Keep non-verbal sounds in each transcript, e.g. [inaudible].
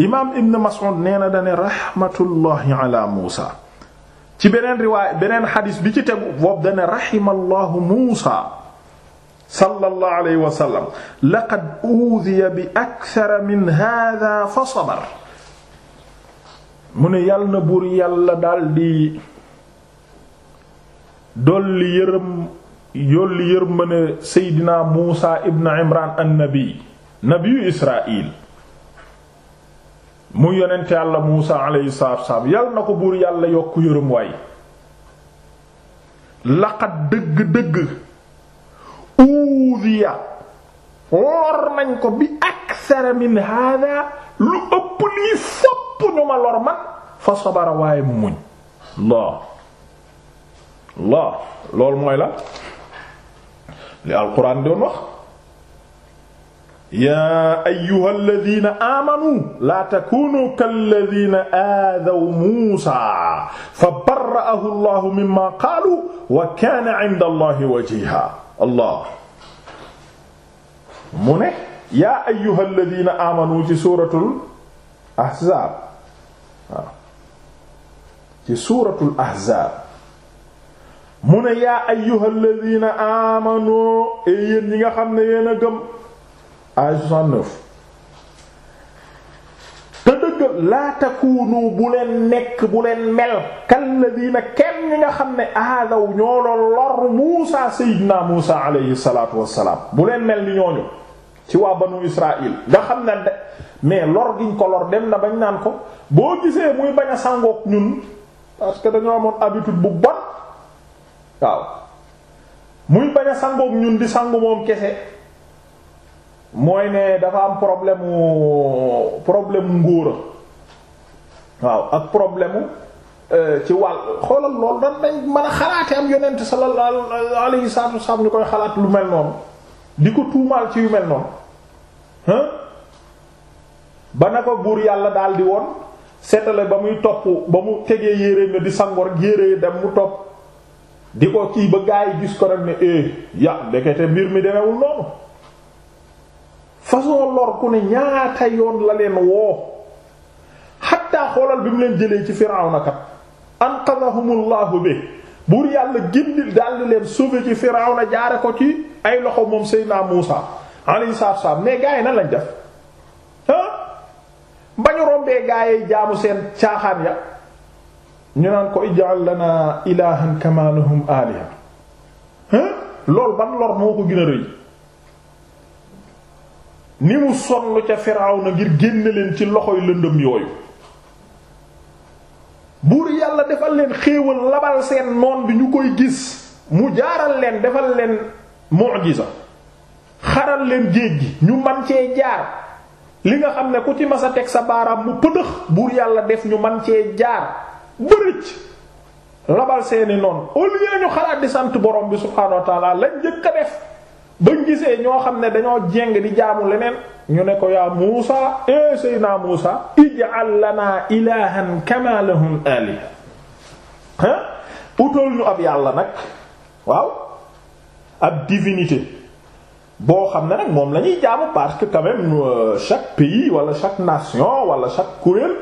imaam Ibn Mas'ud nee na dane raxmatullahi ala Muusa ci beneen riwaay beneen xadis bi ci tegu boobu dane raximallahu Muusa sallallahu alayhi wa sallam laqad uudiya bi akthara min haaza fa sabar mu ne yàlla na buur yàlla daldi dolli yërëm yolli yërmande Seydina Muusa ibn Imraan an-nabi nabiyu Israa'iil mu yonent yàlla Muusa alayhi salaatu wassalaam yal na ko buur yàlla yokk yërëm waay laqad dëgg-dëgg uudiya lor nañ ko bi aksara min hada lu ëpp lii fopp ñu ma lor man fa sabara waaye mu muñ laa laa loolu mooy la li alquran doon wax yaa ayyuhal ladina amanu laa takunu kal ladina aadaw Muusa fa barra'ahu Allahu mimma qaalu wa kaana 'inda Allahi wajiha Allah mu ne yaa ayyuhal ladina amanu ci suuratul ahzaab waaw ah. ci suuratul ahzaab mu ne yaa ayyuhal ladina amanu yéen ñi nga xam ne yéen a gëm. ay 69 te dëgg laa bu leen nekk bu leen mel kalladiina kenn nga xam ne aadaw ñoo doon lor Muusa Seydina Muusa alayhi salaatu wassalaam bu leen mel ni ñooñu ci waa banu Israël nga xam ne mais lor giñ ko lor dem na bañ naan ko boo gisee muy bañ a ñun parce que dañoo amoon habitude bu bon waaw muy bañ a sangook ñun di sangu moom kese mooy ne dafa am problème mu problème mu ngóora waaw ak problème euh, ci wàll xoolal loolu dañ dañ mën a xalaate am yonent sallallahu alayhi wasallam ñu koy xalaat lu mel noonu di ko tuumaal ci yu mel noonu hein ba na ko buur yàlla daal di woon seetale ba muy topp ba mu tegee yére nga di sangoor yére dem mu topp di ko kii ba gaa yi gis ko rek ne eh ya ndekete mbir mi demewul noonu façon lor ku ne ñaata yoon la leen woo xatta xoolal bi mu leen jëlee ci Firawna kat anqadahumullahu bi buur yàlla gindil daldi leen sauver ci Firawna jaare ko ci ay loxo moom Seydina Muusa alayhi salaatu salaam mais gaa rombee gaa jaamu seen caaxaan ya ñu naan ko ij'al lana ilahan kama lahum aliha ban lor moo ko gën rëy ni mu sonn ca na ngir génne leen ci loxoy lëndëm yooyu buur yàlla defal leen xéewal labal seen noon bi ñu koy gis mu jaaral leen defal leen mu'jiza xaral leen géej gi ñu man cee jaar li nga xam ne ku ci mas a teg sa baaraam mu pëdëx buur yàlla def ñu man cee jaar bërëj labal seeni noon au ñu xalaat di sant borom bi subhaanahu wa ta'ala lañ njëkk a def bañ gisee ñoo xam ne dañoo jeng di jaamu leneen ñu ne ko yaa Muusa e Seydina Muusa ij'al lana ilahan kama lahum aliha hein utal ñu ab yàlla nag waaw ab divinité boo xam ne nag moom lañuy ñuy jaamu parce que quand même euh, chaque pays wala chaque nation wala chaque kuréel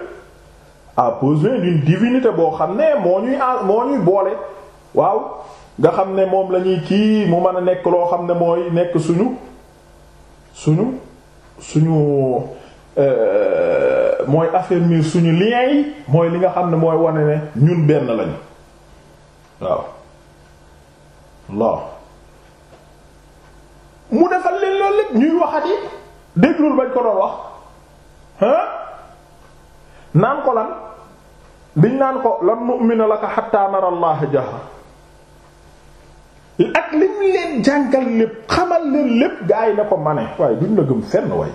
a besoin d'une divinité boo xam ne moo ñuy moo ñuy boole waaw nga xam ne moom lañuy ñuy kii mu mën a nekk loo xam ne mooy nekk suñu suñu suñu euh, mooy affermir suñu lien yi mooy li nga xam ne mooy wane ne ñun benn lañu waaw waaw mu defal leen loolu lépp ñuy waxat yi déglul bañ ko doon wax hein naan ko lan biñ naan ko lan nu'minu laka hatta nara Allah jahra ak li mu leen jàngal lépp xamal leen lépp gaa yi ne ko ma ne waaye duñ la gëm fenn way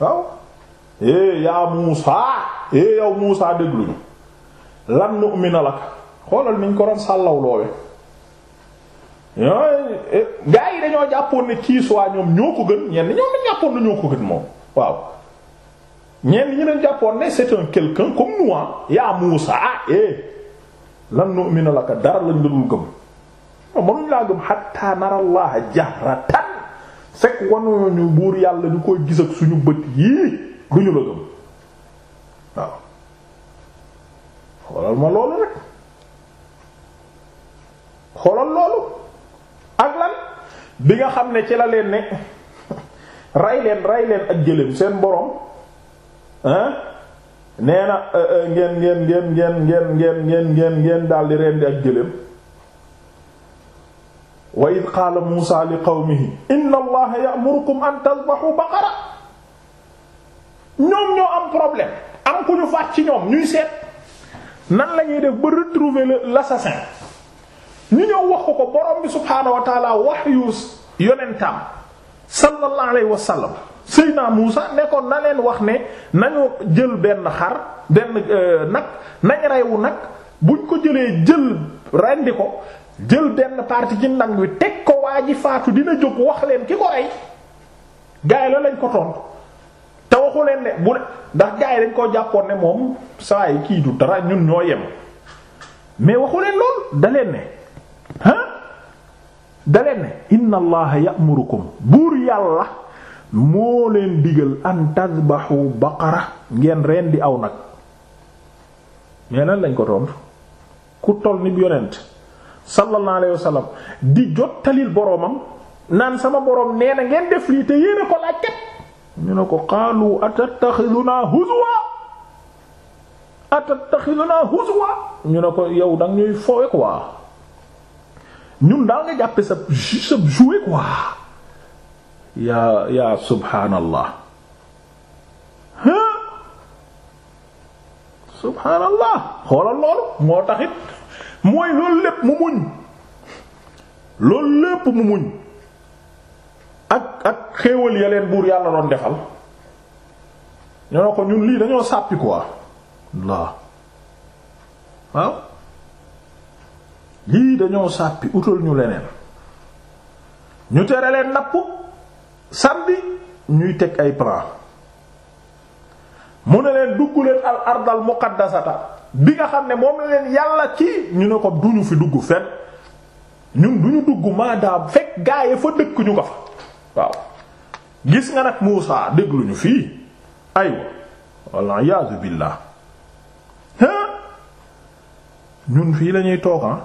waaw é eh, yaa Muusa é eh, yow Muusa dégluñu lan nu'mina lak xoolal niñ ko doon sàllaw loowe eh, gaa yi dañoo jàppoon ne kii soit ñoom ñoo ko gën ñenn ñoom dañ jàppoon ne ko gën moom waaw ñenn ñi dañ jàppoon ne c'est un quelqu'un comme moi yaa Muusa ah, eh lan nu'mina laka dara lañ la gëm mënuñ laa gëm xatta narallaha jahratan fekk wanuñu buur yàlla ñu koy gis ak suñu bët yii duñu la gëm waaw xoolal ma loolu rek xoolal loolu ak lan bi nga xam ne ci la leen ne [laughs] rey leen rey leen ak jëlem seen borom hein nee na euh, euh, ngeen ngeen ngeen ngeen ngeen ngeen ngeen ngeen ngeen daldi rendi ak jëlem wa id qaala Muusaa li qawmihi inna allaha ya'murukum an tadhbahu baqara ñoom ñoo am problème am ku ñu faat ci ñoom ñuy seet nan la ñuy def ba retrouver l'assassin ñu ñëw wax ko ko borom bi subhaanahu wa taala wahyu yonentam sallallahu alayhi wa sallam Seydina Muusa nekkoon na leen wax ne nañu jël benn xar benn euh, nag nañ reyu nag buñ ko jëlee jël rendi ko jël denn parti ci ndang wi teg ko waa ji faatu dina jóg wax leen ki ko ay gars la lañ ko tontu te waxu leen ne bu ndax gars yi koo jàppoon ne moom saa yi kii du dara ñun ñoo yem mais waxu leen lool da leen ne ah da leen ne inna allaha ya'murukum buur yàlla moo leen digal an tadbahu baqara ngeen reen di aw nag mais lan lañ ko tontu ku toll ni bu yonent sallallahu alayhi wasallam di jottalil boromam naan sama borom nee na ngeen def lii te yéen ko laaj ñu ne ko qaalu atattaxidunaa huzwa atattaxidunaa huzwa ñu ne ko yow danga ñuy fowe quoi ñun daal nga jàppe sa sa jouet quoi yaa yaa subhaanallah subhaanallah xoolal loolu moo taxit mooy loolu lépp mu muñ loolu lépp mu muñ ak ak xéewal ya leen buur yàlla doon defal ñoo ko ñun lii dañoo sàppi quoi lii dañoo sàppi utal ñu leneen ñu tere leen napp samedi ñuy teg ay plan mu ne leen dugg leen al ardal muqaddasata bi nga xam ne moom la leen yàlla ci ñu ne ko duñu fi dugg fenn ñun duñu dugg maadaam fekk gaaye fa dëkk ñu ko fa waaw gis nga nag Muusaa dégluñu fii aywa walla iyaazu billaah ñun fii lañuy toogan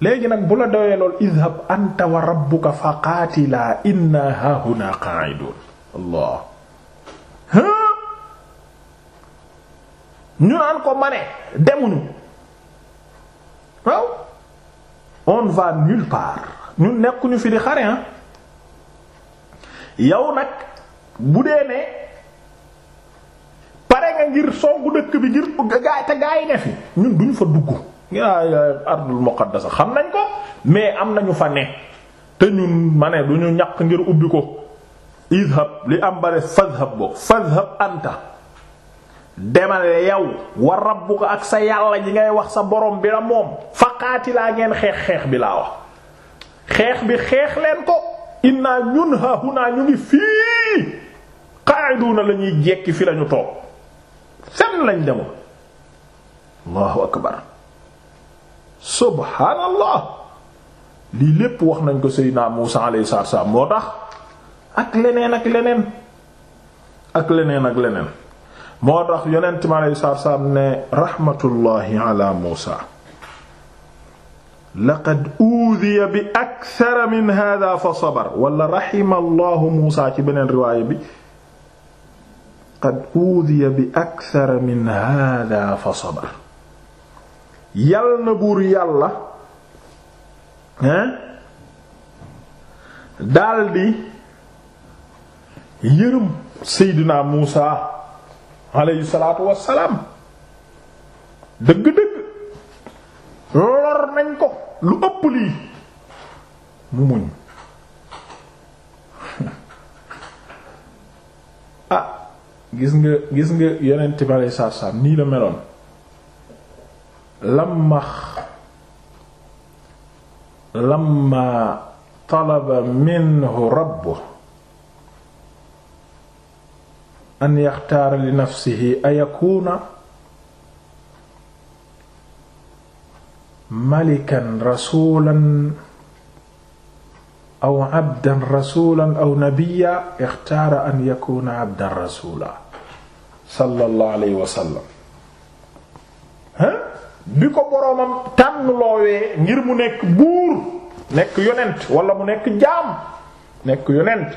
léegi nag bu la dawee lool idhab anta wa rabbuka fa qaatilaa inna haahunaa qaa'iduun allah ñu naan ko ma demuñu waaw on va nulle part ñun nekkuñu fi di xare ah yow nag bu dee ne pare nga ngir songu dëkk bi ngir gaay te gaay ne fi ñun duñu fa dugg yaa yaa ardul muqaddasa xam nañ ko mais am nañu fa ne te ñun ma ne duñu ñaq ngir ubbi ko izhab li am bare fadhab boo fadhab anta demal yow wa ko ak sa yàlla ji ngay wax sa borom bi la moom faqaati laa ngeen xeex xeex bi laa wax xeex bi xeex leen ko inna ñun naa ñu ngi fii qa'iduna la ñuy jekki fi lañu toog fenn lañ demoon allahu akbar subhaanallah lii lépp wax nañ ko seydina Muusa alayhi salaam moo tax ak leneen ak leneen ak leneen ak leneen moo tax yonent mi aleyhi salaatu salaam ne raxmatullaahi ala Muusaa laqad uudiya bi akthara min haadaa fa sabar wala raximallaahu Muusaa ci beneen riwaaya bi qad uudiya bi akthara min haadaa fa sabar yal na buur yàlla hein daldi yërëm Seydina Muusaa alayhi salaatu wassalaam dëgg-dëgg lor nañ ko lu ëpp lii mu muñ [laughs] ah gis nga gis nga yeneen bi alei saatu nii la meloon lamma lamma talaba minhu rabbuhu an yaxtaara li nafsihi ayakuuna malikan rasulan aw abdan rasulan aw nabiya ixtaara an yakuna abdan rasula sallallahu alayhi wa sallam bi ko boroomam tànn loowee ngir mu nekk buur nekk yonent wala mu nekk jaam nekk yonent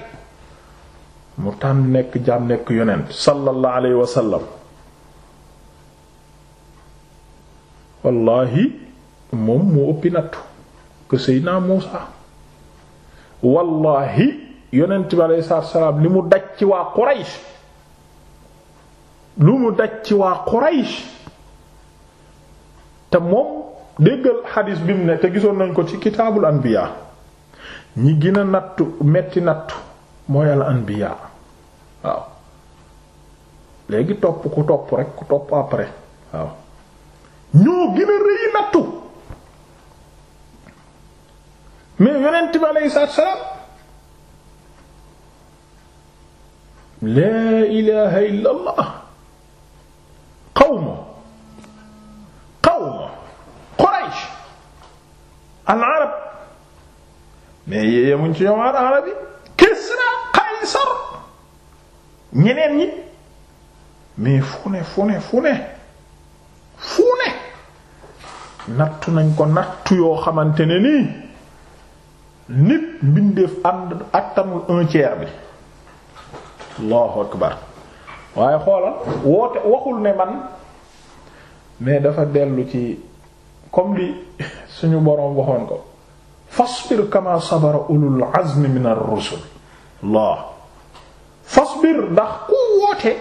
mu tànn nekk jaam nekk yonent sallallahu alayhi wa sallam wallahi moom moo ëppi nattu que Seydina Muusa wallahi yonent bi alayhi salaam li mu daj ci waa Quraysh lu mu daj ci waa Quraysh te moom déggal xadiis bi mu ne te gisoon nañ ko ci kitaabul anbiyaa ñi gën nattu metti nattu mooy al anbiya waaw léegi topp ku topp rek ku topp après waaw ñoo gën a rëy nattu mais yonent bi aleyhi salaatu salaam laa ilaha illa qawma qawma quraysh al arab mais yeemuñ ci ñoom arab yi Qaysar ñeneen ñi mais fu ne fu ne nattu nañ ko nattu yoo xamante ne nii nit mbindeef ànd attanul un tiers bi allahu akbar waaye xoolal woote waxul ne man mais dafa dellu ci comme li suñu boroom waxoon ko fasbir kama sabara ulul azmi min ar-rusul fasbir ndax ku woote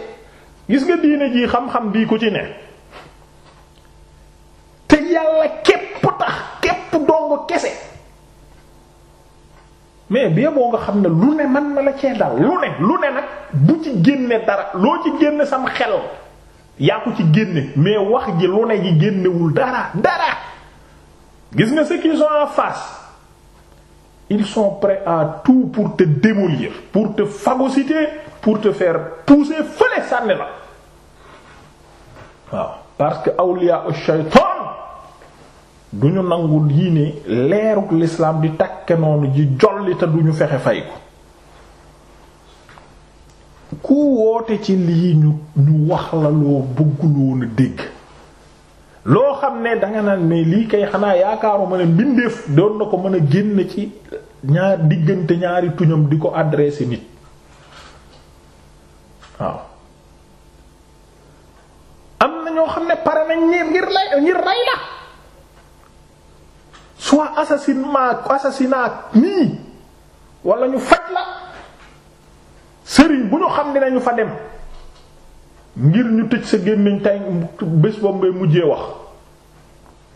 gis nga diine jii xam-xam bii ku ci ne te yàlla képp tax képp dong kese mais bi boo nga xam ne lu ne mën na la cee dal lu ne lu ne nag bu ci génne dara loo ci génne sam xel yaa ko ci génne mais wax ji lu ne ji génnewul dara dara gis nga ce qu'ils ont ils sont prêts à tout pour te démolir pour te phagocyter pour te faire pousser fële sànni la waaw parce que awliya ash-shaytan du ñu nangu yii ne leeruk l'islam di takke noonu ji jolli te du ñu fexe fay ko ku woote ci lii ñu ñu wax la dégg loo xam ne danga naan mais lii kay xanaa ma ne mbindeef doon na ko mën a génn ci ñaar diggante ñaari tuñam di ko adressé nit waaw am na ñoo xam ne pare nañ ñi ngir lay ngir rey la soit assassinat nii wala ñu faj la sëriñ bu ñu xam dinañu fa dem ngir ñu tëj sa gémmiñ tey bés boobu mujjee wax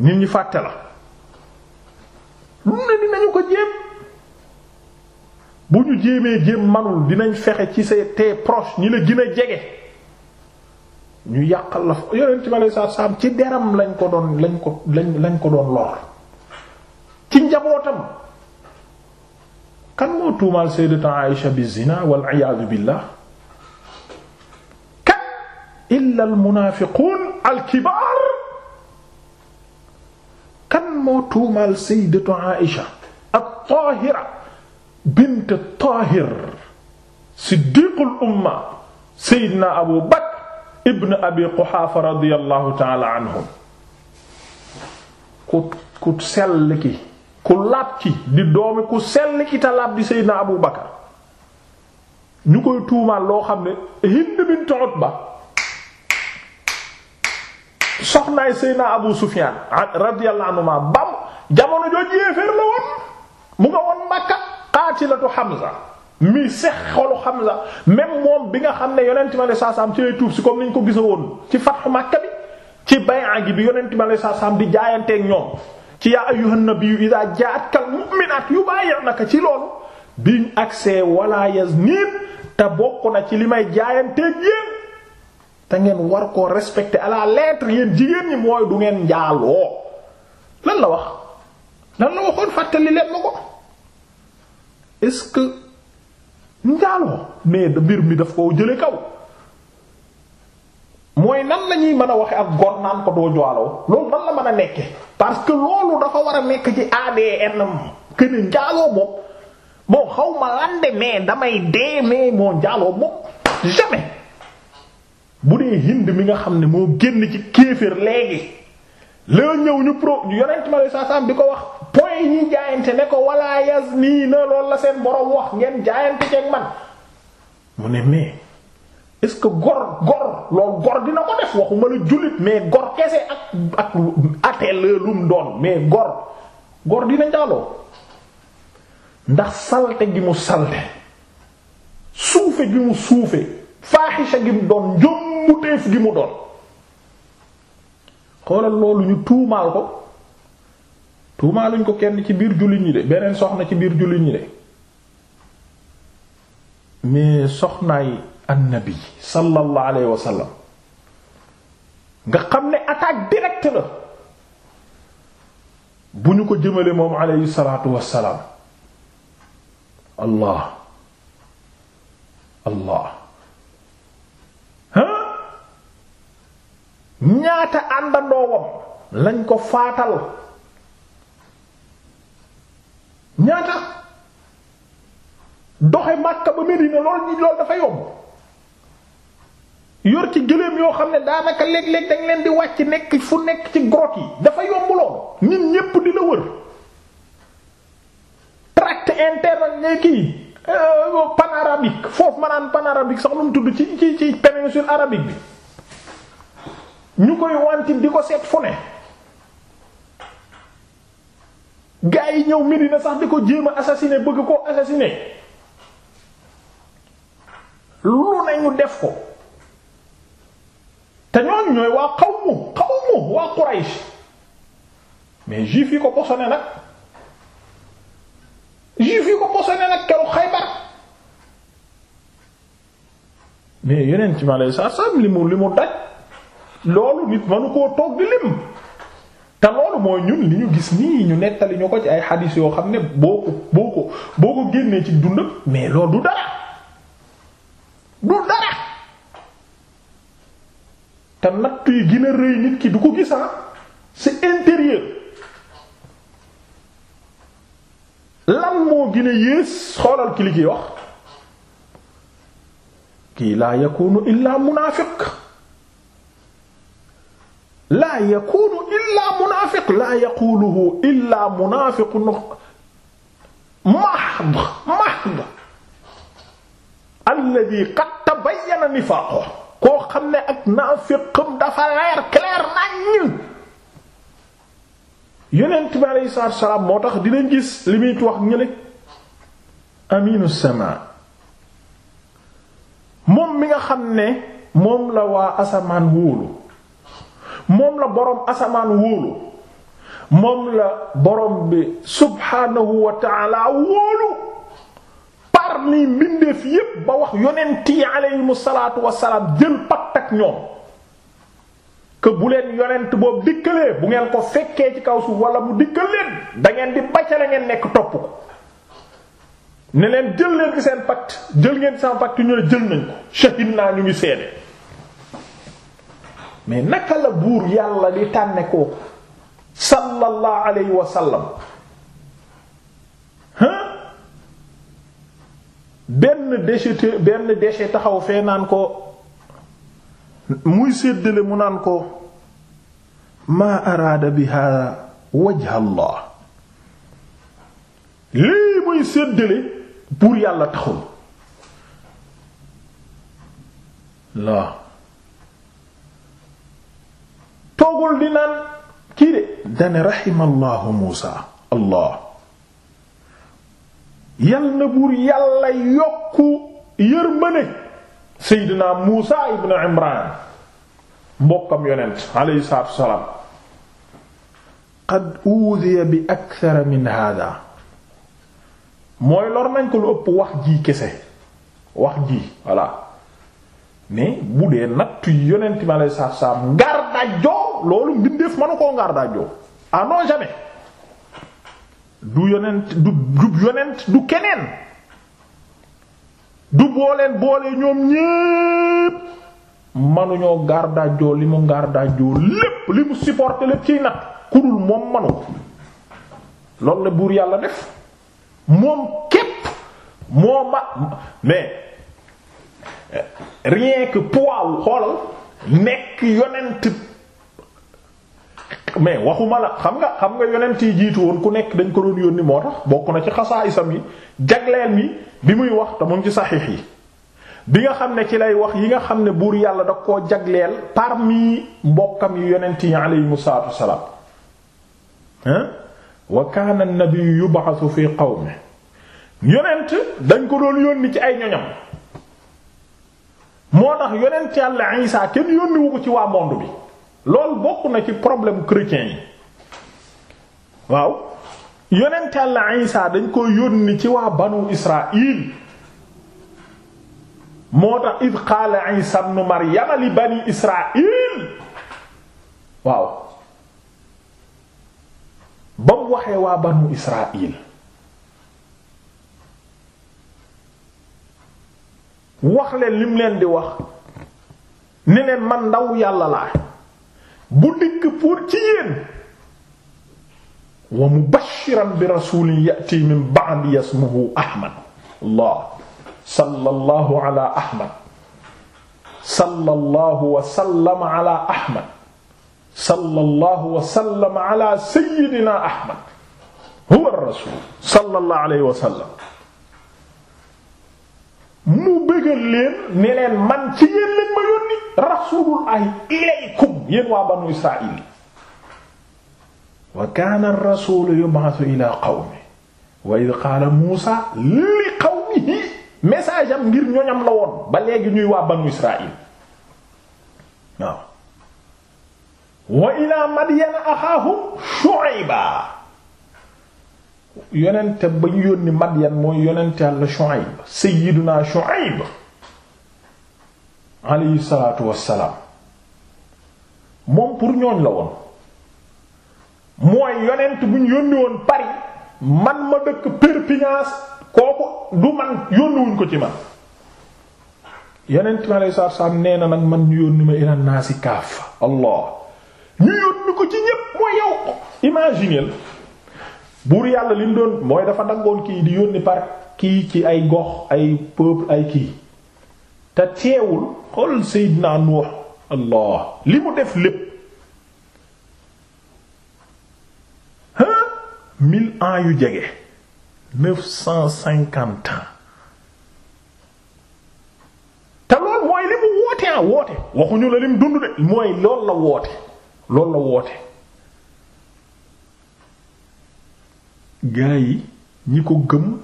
nit ñi fàtte la lu ne dinañu ko jéem bu ñu jéemee jéem manul dinañ fexe ci sa tee proche ñi la gën a jege ñu yàqal la yonent bi aleyhi salaatu salaam ci deram lañ ko doon lañ ko lañ lañ ko doon lor ci njabootam kan moo tuumaal sayyidatu Aïsha bi zina wal iyaadu billah illa al munaafiquun al kibaar kan moo tuumaal sayyidatu Aïsha at-Taahira bint at-Taahir siddiqul umma sayyidina Abu Bakr ibn Abi Quhaafa radiyallahu ta'ala anhum ku ku sell ki ku laab ki di doomi ku sell ki te laab di sayyidina Abu Bakr ñu koy tuumaal loo xam ne Hind bint Utba soxnaay Seydina Abu Sufyan radiyallahu anhu ma bam jamono jooju yéeféer la woon mu nga woon Makka qaatilatu Hamza mi sex xolu Hamza même moom bi nga xam ne yonent ma lay saasaam ci lay tuub si comme ni ñu ko gisa woon ci fatxu Makka bi ci bay'a gi bi yonent ma lay saasaam di jaayanteeg ñoom ci yaa ayyuhan nabiyyu yu ja'atkal mu'minaat yubayi'naka ci loolu biñ accès wala yaznin te bokk na ci li may jaayanteeg yéen te ngeen war koo respecter à la lettre yéen jigéen ñi mooy du ngeen njaaloo lan la wax lan la waxoon fàttali leen ma ko est-ce que njaaloo mais mbir mi daf koo jële kaw mooy nan lañuy ñuy mën a waxe ak góor naan ko doo jaaloo loolu nan la mën a nekke parce que loolu dafa war a nekk ci ADN que ne njaaloo moom bon xaw ma lande mais damay dee moo njaaloo moom jamais bu dee hind mi nga xam ne moo génn ci kéefër léegi la ñëw ñu pro yonent ma lay saasaam bi ko wax point ñi jaayante ne ko walla yas nii na loolu la seen borom wax ngeen jaayante ceeg man mu ne mais est-ce que gor gor loolu gor dina ko def waxuma la jullit mais gor kese ak ak ateel lum doon mais gor gor dina njaaloo ndax salte gi mu salte suufe gi mu suufe faaxisa gi mu doon njombuteef gi mu doon xoolal loolu ñu tuumaal ko tuumaaluñ ko kenn ci biir jullit ñi de beneen soxna ci biir jullit ñi de mais soxnaay annabi sallallahu nga xam ne attaque bu ñu ko jëmale moom alayhi salaatu wassalaam allah allah ñaata àndandoowam lañ ko faatal ñaata doxe Makka ba Medina lool lool dafa yomb yor ci gëléem yoo xam ne daanaka léeg-léeg dañ leen di wàcc nekk fu nekk ci grotte yi dafa yomb lool nit ñépp di la wër tract interne ne kii euh, panarabique foofu ma naan panarabique sax lu mu tudd ci ci ci péninsule arabique bi ñu koy wantit di ko seet fu ne gaa yi ñëw Medina sax di ko jéem a assassiné bëgg koo assassiné lu ne def ko te ñooñu ñooy waa xawmu xawmu waa Quraysh mais juif yi ko posone nag juif yi ko posone nag keru Xaybar mais yeneen ci ma lay sax sam li mu li mu daj loolu nit mënu koo toog di lim te loolu mooy ñun li ñu gis nii ñu nettali ñu ko ci ay xadiis yoo xam ne boo ko boo ko boo ko génnee ci dund mais loolu du dara du dara te natt yi gën a rëy nit ki du ko gis ah. c'est intérieur lan moo gën a yées xoolal ki li kiy wax kii laa yakunu illaa munaafiq laa yakunu illaa munaafiq laa yaquluhu illaa munaafiqun mahd mahd alladhi qad tabayyana nifaaquhu koo xam ne ak naafiqam dafa leer clair nañ yonent bi aleyhi salaatu wa salaam moo tax dinañ gis li muy wax ñu ne aminu samaa moom mi nga xam ne moom la waa asamaan wóolu moom la boroom asamaan wóolu moom la boroom bi subhaanahu wa taala wóolu parmi mbindeef yépp ba wax yonent yi aleyhimu salaatu wasalaam jël pacte ak ñoom que bu leen yonent boobu dikkalee bu ngeen ko fekkee ci kaw suuf wala mu dikkal leen da ngeen di bacale ngeen nekk topp ko ne leen jël leen ci seen pacte jël ngeen seen pacte ñu ne jël nañ ko shahid naa ñu ngi seede mais naka la buur yàlla di tànne kooku sallallahu alayhi wa sallam benn déchet benn déchet taxaw fee naan ko muy séddale mu naan ko maa araada biha wajha allah lii muy séddale buur yàlla taxul la toogul di naan kii de dane raximallahu muusa allah yal na buur yàlla yokku yërmande seydina muusa ibnu imran mbokkam yonent alayhi salaatu wassalaam qad uudiya bi akthar min hada mooy lor nañ ko lu ëpp wax ji kese wax ji voilà mais bu dee nattu yonent bi alayhi wassalaam ngar dajoo loolu mbindeef manu koo ngaar daa jow ah du yonent du du yonent du keneen du booleen boole ñoom ñépp manuñoo ngaar daa jow li mu ngaar daa jow lépp li mu supporté lépp ciy nag kudul moom manu loolu la buur yàlla def moom képp moo ma mais eh, rien que poids xoolal nekk yonent mais waxuma la xam nga xam nga yonent yi jiitu woon ku nekk dañ ko doon yónni moo tax bokk na ci xasaayisam yi jagleel mi bi muy wax te mu ci saxiix yi bi nga xam ne ci lay wax yi nga xam ne buur yàlla da koo jagleel parmi mbokkam yu yonent yi aleyhim salaatu wasalaam hein wa kaana an-nabiyyu yub'athu fi qawmi yonent dañ ko doon yónni ci ay ñoñam moo tax yonent yàlla Isaa kenn yónniwu ko ci waa monde bi loolu bokk na ci problème chrétien yi waaw yonent Yàlla Isaa dañ ko yónni ci waa banu Israaïl moo tax id qaala Isaa ibnu Maryama li bani Israaïl waaw ba mu waxee waa banu Israaïl wax leen lim leen di wax ne leen man ndaw yàlla laa bu dikk pour ci yéen wa mubashiran bi rasulin yati min ba'di ismuhu ahmad allah sallallahu ala ahmad sallallahu wa sallama ala ahmad sallallahu wa sallama ala sayyidina ahmad huwa ar-rasul sallallahu alayhi wa sallam mu bëggal leen ne leen man ci yéen lañ ma yónni rasulullahi ilaykum yéen waa banu israil wa kaana ar-rasulu yub'athu ila qawmi wa id qaala Muusa li qawmihi message am ngir ñoñam la woon ba léegi ñuy waa banu israil waaw wa ila madyana axaahum shu'ayba yonente ba ñu yónni Madyan mooy yonente Yàlla Shuayb sayyiduna Shuayb alayhi salaatu wassalaam moom pour ñooñ la woon mooy yonent bu ñu yónni woon Paris man ma dëkk Perpignan kooku du man yónniwuñ ko ci man yonent mi alayhi salaatu wassalaam nee na nag man ñu yónni ma ilan naasi kaaf Allah ñu yónni ko ci ñépp mooy yow imaginer buur yàlla li doon mooy dafa dangoon kii di yónni par kii ci ay gox ay peuple ay kii te teewul xool Seydina Nuux allah li mu def lépp hein mille ans yu jege neuf cent cinquante ans te lool mooy li mu woote ah woote waxuñu la lim dund de mooy lool la woote lool la woote gaa yi ñi ko gëm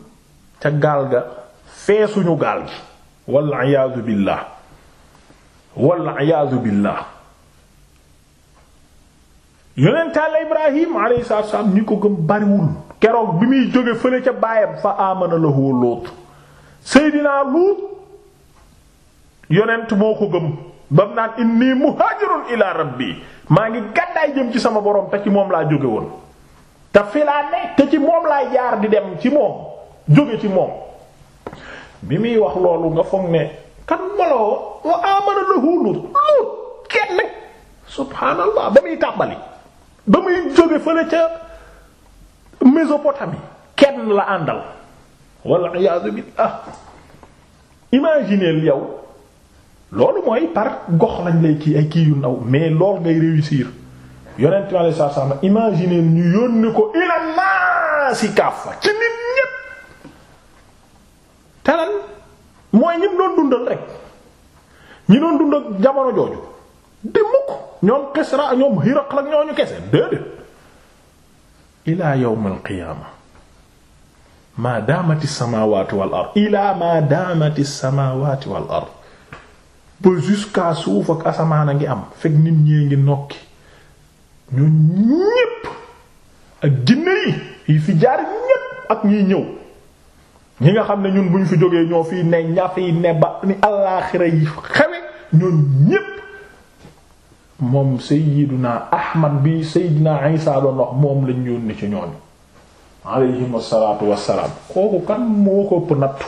ca gaal ga feesuñu gaal gi wal iyaazu billaah wal iyaazu billaah yonent Yàlla Ibrahim alayhi salaatu ñi ko gëm bariwul keroog bi muy jóge fële ca baayam fa amana lahu Luut Seydinaa Luut yonent moo ko gëm bam naan inni muhaajirun ila rabbi maa ngi gàddaay jëm ci sama borom te ci moom laa jóge woon te fi laa nekk ci moom laay jaar di dem ci moom jóge ci moom bi muy wax loolu nga foog ne kan maloo wa amana lahu lut lut kenn subhaanallah ba muy tàmbali ba muy jóge fële ca Mésopotamie kenn la àndal walla iyaazu billah imagineel yow loolu mooy par gox lañ lay kii ay kii yu ndaw mais lool ngay réussir yonent bi alayhi salaam imaginer ñu yónni ko ila naasi kaafa ci nit ñépp talan mooy ñim doon dundal rek ñi doon dundal jamono jooju di mukk ñoom Kisra ñoom Hiraql ak ñooñu kese déedéet ila yawmil qiyaama ma daamati samaawaati wal ard ila ma daamati samaawaati wal ard ba jusqu'à suuf ak asamaan a ngi am fekk nit ñee ngi nokki ñu ñépp ak jinne yi yi fi jaar ñépp ak ñuy ñëw ñi nga xam ne ñun bu ñu fi jógee ñoo fiy ne ña fiy ne ba ni alaaxira yi xewe ñun ñépp moom sayyiduna ahmad bi sayyidina isa doon wax moom lañ yónni ci ñooñu alayhim asalaatu wasalaam kooku kan moo ko ëpp nattu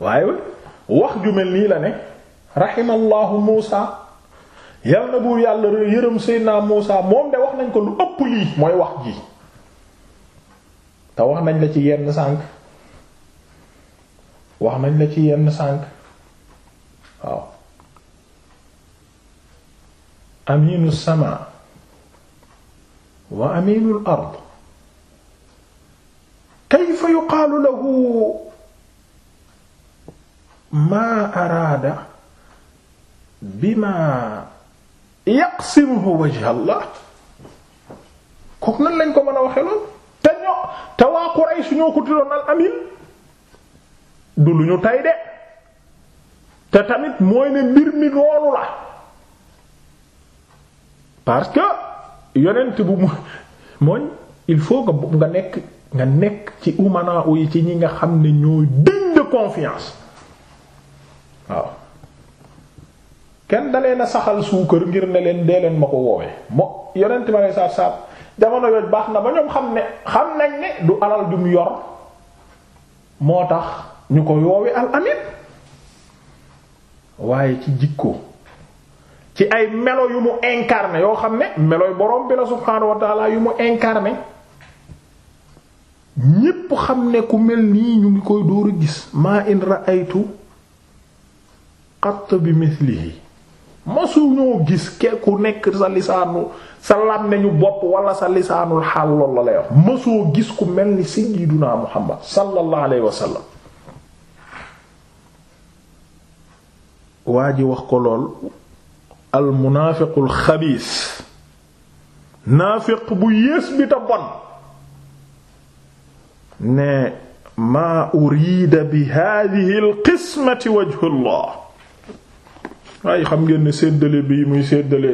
waaye wax ju mel nii la ne rahimallahu muusa yal na buur yàlla yërëm Seydina Muusa moom de wax nañ ko lu ëpp lii mooy wax ji te wax nañ la ci yenn sànk wax nañ la ci yenn sànk waaw aminu sama wa aminu al-ard kayfa yuqaalu maa araada bimaa yaqsimuhu wajha Allah kooku lañ ko mën a waxe lool te ñoo te waa Quraysh ñoo ko tuddoon al amin du lu ñu tay de te tamit mooy ne mbir mi loolu la parce que yonent bu mu mooy il faut nga nga nekk nga nekk ci umana yi ci ñi nga xam ne ñooy digne de confiance waaw kenn dalee na saxal suukar ngir ne leen dee leen ma ko woowee moo yonent ma lay saab saab jamono yooyu baax na ba ñoom xam ne xam nañ ne du alal du mu yor moo tax ñu ko woowee al amin waaye ci jikko ci ay melo yu mu incarné yoo xam ne melooy borom bi la subhaanahu yu mu incarné ñépp xam ne ku mel nii ñu ngi koy dóor a gis maa in aytu qatt bi mithlihi masu ñoo gis ke nekk sa lisaanu sa làmmeñu bopp wala sa lisaanul la lay wax masoo gis ku mel ni sayyiduna muhammad sallallahu alayhi wa waa ji wax ko lool al munaafiqul xabiis naafiq bu yées bi ta bon ne maa uriida bi haadihi al qismati allah waaye xam ngeen ne séddale bii muy séddale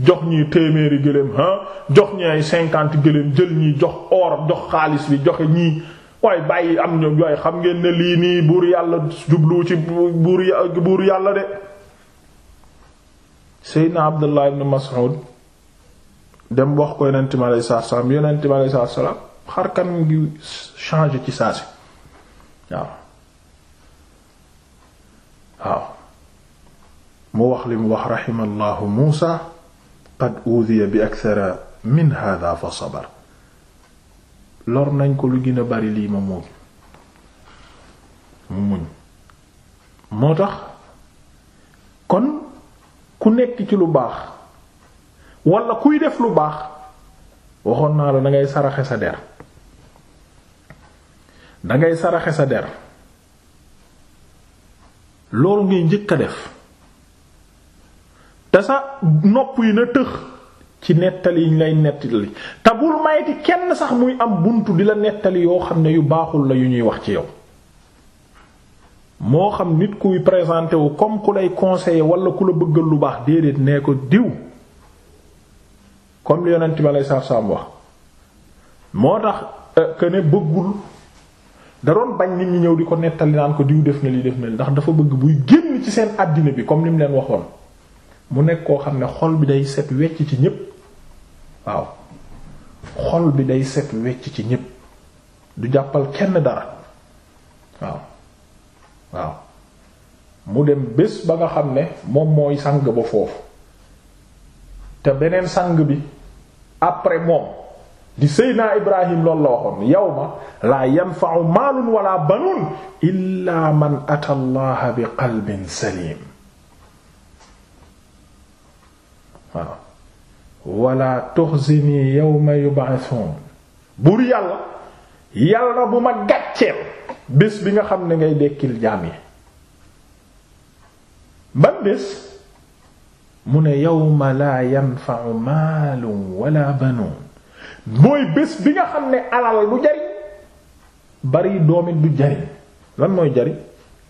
jox ñi téeméeri gëléem ah jox ñi cinquante gëléem jël ñi jox or jox xaalis bi joxe ñi waaye bàyyi am ñoom waaye xam ngeen lii nii buur yàlla jublu ci buur yàlla de. Seydina Abdullah ibn Mas'ud dem wax ko yonent mi alayhi salaatu salaam yonent mi alayhi salaatu salaam xar kanam gi changer ci saa si waaw waaw. mu wax li mu wax raximallahu muusa qad uudiya bi akthara min hada fa sabar lor nañ ko lu gën a bari lii ma muñ mu muñ moo tax kon ku nekk ci lu baax wala kuy def lu baax waxoon naa la dangay saraxe sa der dangay saraxe sa der loolu ngay njëkk a def te sa nopp yi na tëx ci nettali yiñ lay nettali te bul mayti kenn sax muy am bunt di la nettali yoo xam ne yu baaxul la yu ñuy wax ci yow moo xam nit kuy présenté wu comme ku lay conseiller wala ku la bëggal lu baax déedéet nee ko diw comme li yonent bi aleyhi salaatu salaam wax moo tax euh, que ne bëggul da doon bañ nit ñi ñëw di ko nettali naan ko diw def na li def na li ndax dafa bëgg buy génn ci seen àddina bi comme ni mu leen waxoon mu nekk koo xam ne xol bi day set wecc ci ñépp waaw xol bi day set wecc ci ñépp du jàppal kenn dara waaw waaw mu dem bés ba nga xam ne moom mooy sang ba foofu te beneen sang bi après moom di Seydina Ibrahim loolu la waxoon yawma laa yanfa'u maalun wala banuun illaa man ata Allaha bi qalbin salim waaw wala yowma yawma yub'athun buur yàlla yàlla bu ma gàcceel bés bi nga xam ne ngay dekkil jaam yi ban bés mu ne yawma laa yanfa'u maalun wala banuun mooy bés bi nga xam ne alal du jariñ bari doomit du jariñ lan mooy jariñ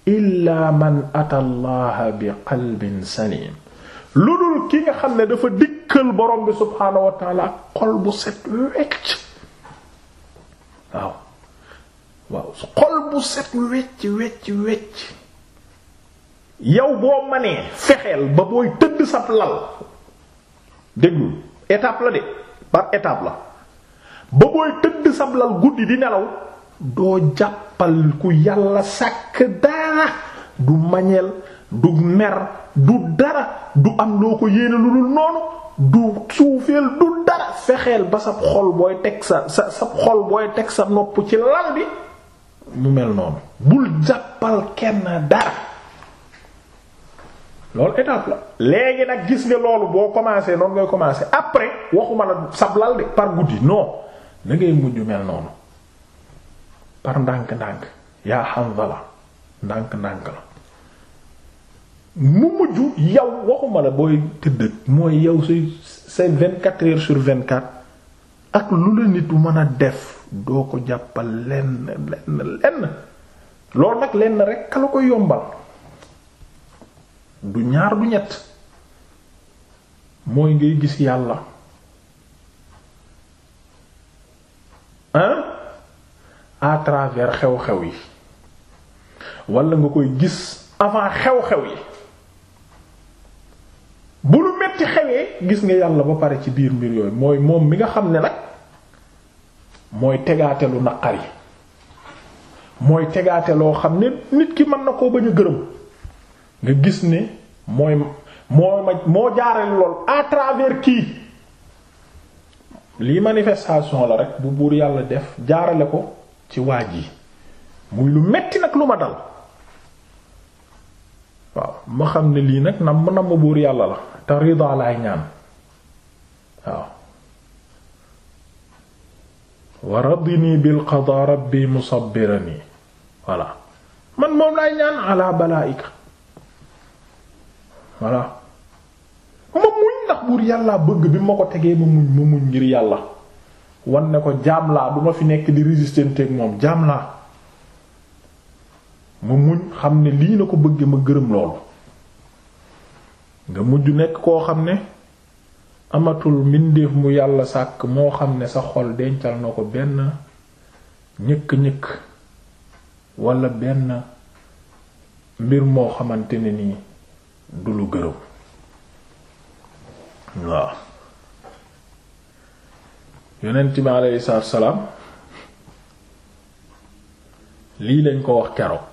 illa man ata allaha bi qalbin salim lu dul ki nga xam ne dafa dikkal borom bi subhaanahu wa taala ak xol bu set wecc waaw waaw xol bu set wecc wecc wecc yow boo manee fexeel ba booy tëdd sab lal déglu étape la de par étape la ba booy tëdd sab lal guddi di nelaw doo jàppal ku yàlla sàkk dara du mañeel du mer du dara du am loo ko yéene lu dul noonu du suufeel du dara fexeel ba sab xol booy teg sa sa sab xol booy nopp ci lal bi mu mel noonu bul jàppal kenn dara loolu étape la léegi nag gis nga loolu boo commencé noonu ngay commencé après waxuma la sablal de par guddi noo da ngay mujj mel noonu par ndànk-ndànk yaa Hanzala ndànk-ndànk la mu mujj yow waxuma la booy tëdd mooy yow say say vingt quatre heures sur vingt quatre ak lu la nit mën a def doo ko jàppal lenn lenn lenn nag lenn rek ka la ko yombal du ñaar du ñett mooy ngay gis yàlla hein à travers xew-xew yi walla nga koy gis avant xew-xew yi ci xewee gis nga yàlla ba pare ci biir mbir yooyu mooy moom mi nga xam ne nag mooy tegaatelu lu naqar yi mooy tegaate loo xam ne nit ki mën na koo bañ a gërëm nga gis ne mooy moo ma moo jaarale lool à kii lii manifestation la rek bu buur yàlla def jaarale ko ci waaj yi muy lu metti nag lu ma dal waaw ma xam ne lii nag nam nam buur yàlla la te ridaa laay ñaan waaw wa radini bil qadaa rabbi musabbirani voilà man moom laay ñaan ala balaika voilà ma muñ ndax buur yàllaa bëgg bi ma ko tegee ma muñ ma muñ ngir yàlla wan ne ko jaam laa duma fi nekk di résister ak moom jaam laa mu muñ xam ne lii la ko bëggee ma gërëm loolu nga mujj nekk koo xam ne amatul mbindeef mu yàlla sàkk moo xam ne sa xol dencal na ko benn ñëkk-ñëkk walla benn mbir moo xamante ne nii du lu gërëm waaw yonent bi aleyhi salaatu salaam lii lañ ko wax keroog